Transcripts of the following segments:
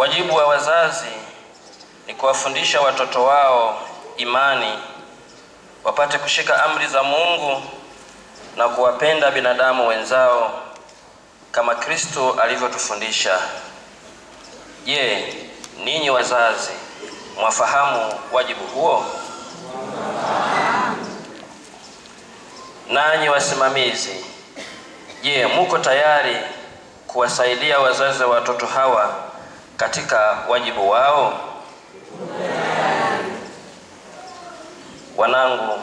Wajibu wa wazazi ni kuwafundisha watoto wao imani, wapate kushika amri za Mungu na kuwapenda binadamu wenzao kama Kristo alivyotufundisha. Je, ninyi wazazi mwafahamu wajibu huo? Nanyi wasimamizi, je, muko tayari kuwasaidia wazazi wa watoto hawa katika wajibu wao? Wanangu,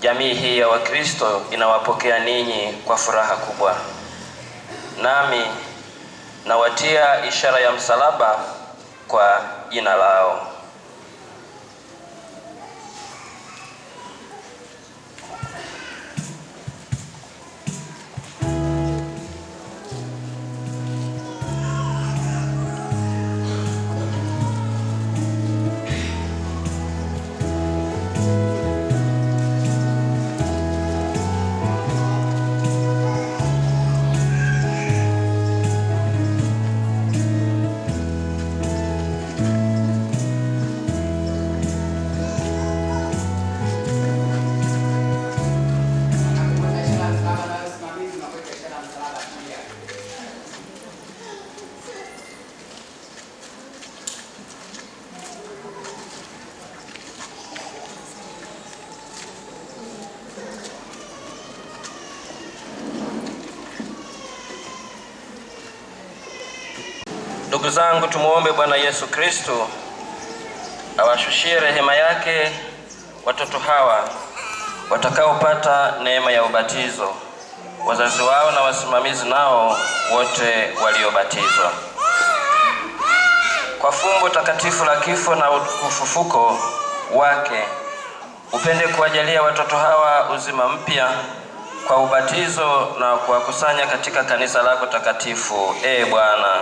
jamii hii ya Wakristo inawapokea ninyi kwa furaha kubwa, nami nawatia ishara ya msalaba kwa jina lao. Ndugu zangu, tumwombe Bwana Yesu Kristo awashushie rehema yake watoto hawa watakaopata neema ya ubatizo, wazazi wao na wasimamizi nao wote waliobatizwa kwa fumbo takatifu la kifo na ufufuko wake. Upende kuwajalia watoto hawa uzima mpya kwa ubatizo na kuwakusanya katika kanisa lako takatifu. Ee Bwana.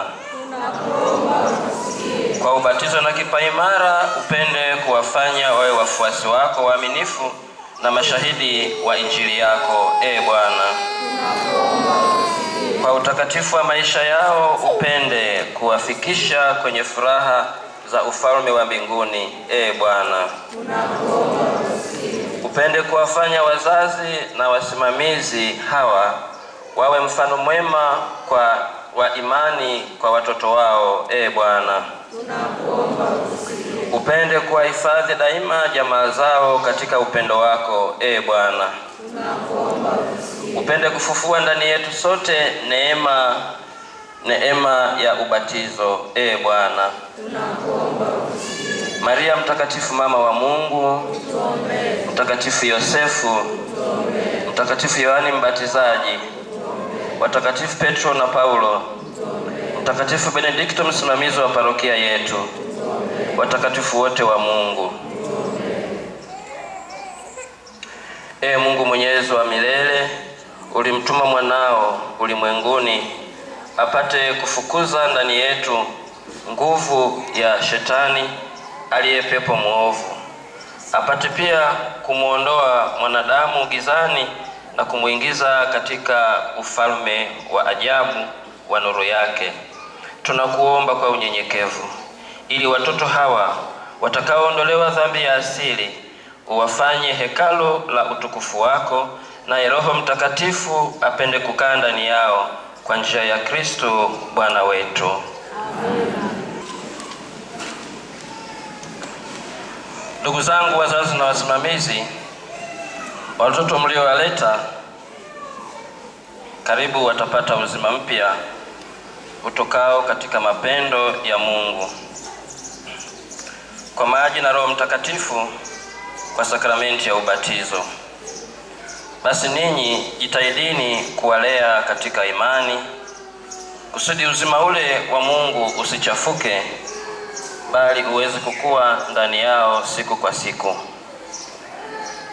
Kwa ubatizo na kipaimara upende kuwafanya wawe wafuasi wako waaminifu na mashahidi wa Injili yako, e Bwana. Kwa utakatifu wa maisha yao upende kuwafikisha kwenye furaha za ufalme wa mbinguni, e Bwana. Upende kuwafanya wazazi na wasimamizi hawa wawe mfano mwema kwa wa imani kwa watoto wao. E Bwana, upende kuwahifadhi daima jamaa zao katika upendo wako. E Bwana, upende kufufua ndani yetu sote neema neema ya ubatizo. E Bwana, Maria mtakatifu, mama wa Mungu, mtakatifu Yosefu, mtakatifu Yohani Mbatizaji watakatifu Petro na Paulo, mtakatifu Benedikto msimamizi wa parokia yetu, watakatifu wote wa Mungu. Ee Mungu mwenyezi wa milele, ulimtuma mwanao ulimwenguni apate kufukuza ndani yetu nguvu ya shetani aliye pepo mwovu, apate pia kumwondoa mwanadamu gizani na kumwingiza katika ufalme wa ajabu wa nuru yake. Tunakuomba kwa unyenyekevu, ili watoto hawa watakaoondolewa dhambi ya asili uwafanye hekalo la utukufu wako, naye Roho Mtakatifu apende kukaa ndani yao kwa njia ya Kristo Bwana wetu. Amen. Ndugu zangu wazazi na wasimamizi Watoto mliowaleta karibu watapata uzima mpya utokao katika mapendo ya Mungu kwa maji na Roho Mtakatifu kwa sakramenti ya ubatizo. Basi ninyi jitahidini kuwalea katika imani, kusudi uzima ule wa Mungu usichafuke, bali uweze kukua ndani yao siku kwa siku.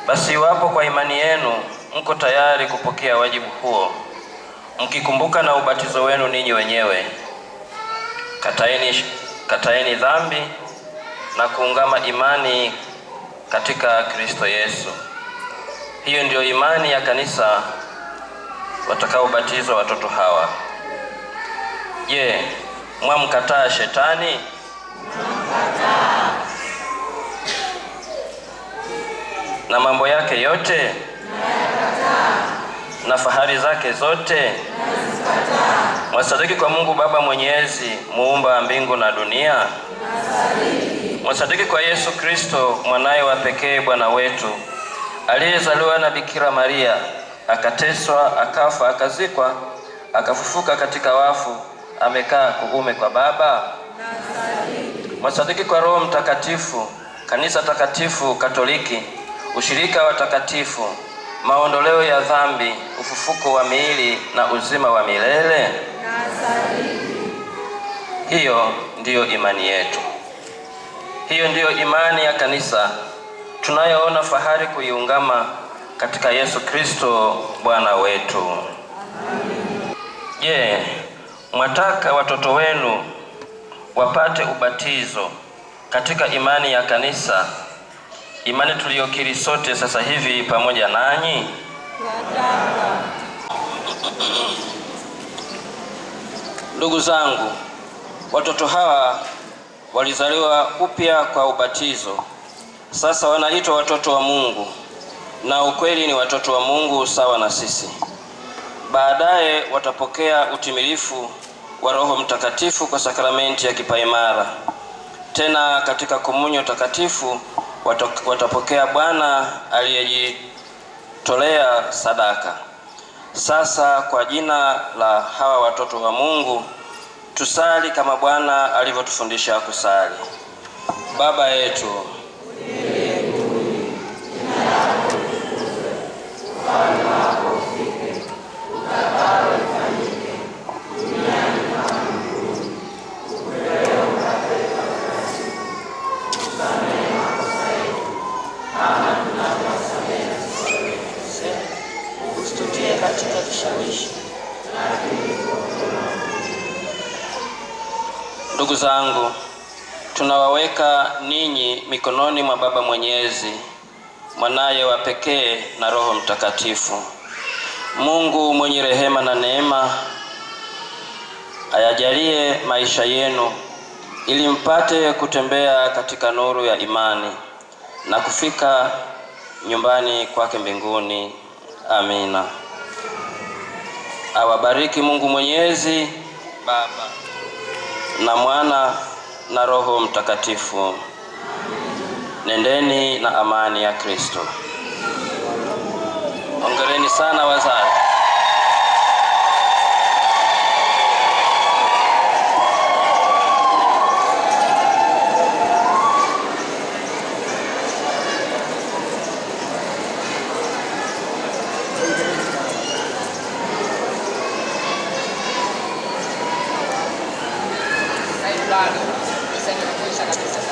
Basi iwapo kwa imani yenu mko tayari kupokea wajibu huo, mkikumbuka na ubatizo wenu ninyi wenyewe, kataeni, kataeni dhambi na kuungama imani katika Kristo Yesu. Hiyo ndiyo imani ya kanisa watakaobatizwa watoto hawa. Je, mwamkataa shetani? na mambo yake yote na fahari zake zote Mwasadiki kwa Mungu Baba Mwenyezi, muumba wa mbingu na dunia. Mwasadiki kwa Yesu Kristo mwanaye wa pekee Bwana wetu aliyezaliwa na Bikira Maria, akateswa, akafa, akazikwa, akafufuka katika wafu, amekaa kuume kwa Baba. Mwasadiki kwa Roho Mtakatifu, kanisa takatifu Katoliki ushirika wa takatifu, maondoleo ya dhambi, ufufuko wa miili na uzima wa milele. Hiyo ndiyo imani yetu, hiyo ndiyo imani ya kanisa tunayoona fahari kuiungama katika Yesu Kristo Bwana wetu. Je, yeah, mwataka watoto wenu wapate ubatizo katika imani ya kanisa imani tuliyokiri sote sasa hivi pamoja nanyi. Ndugu zangu, watoto hawa walizaliwa upya kwa ubatizo. Sasa wanaitwa watoto wa Mungu, na ukweli ni watoto wa Mungu sawa na sisi. Baadaye watapokea utimilifu wa Roho Mtakatifu kwa sakramenti ya kipaimara. Tena katika komunyo takatifu watapokea Bwana aliyejitolea sadaka. Sasa kwa jina la hawa watoto wa Mungu tusali kama Bwana alivyotufundisha kusali. Baba yetu ndugu zangu, tunawaweka ninyi mikononi mwa Baba Mwenyezi, mwanaye wa pekee na Roho Mtakatifu. Mungu mwenye rehema na neema ayajalie maisha yenu ili mpate kutembea katika nuru ya imani na kufika nyumbani kwake mbinguni. Amina. Awabariki Mungu Mwenyezi Baba na Mwana na Roho Mtakatifu. Nendeni na amani ya Kristo. Hongereni sana wazazi.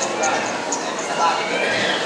ハハハハ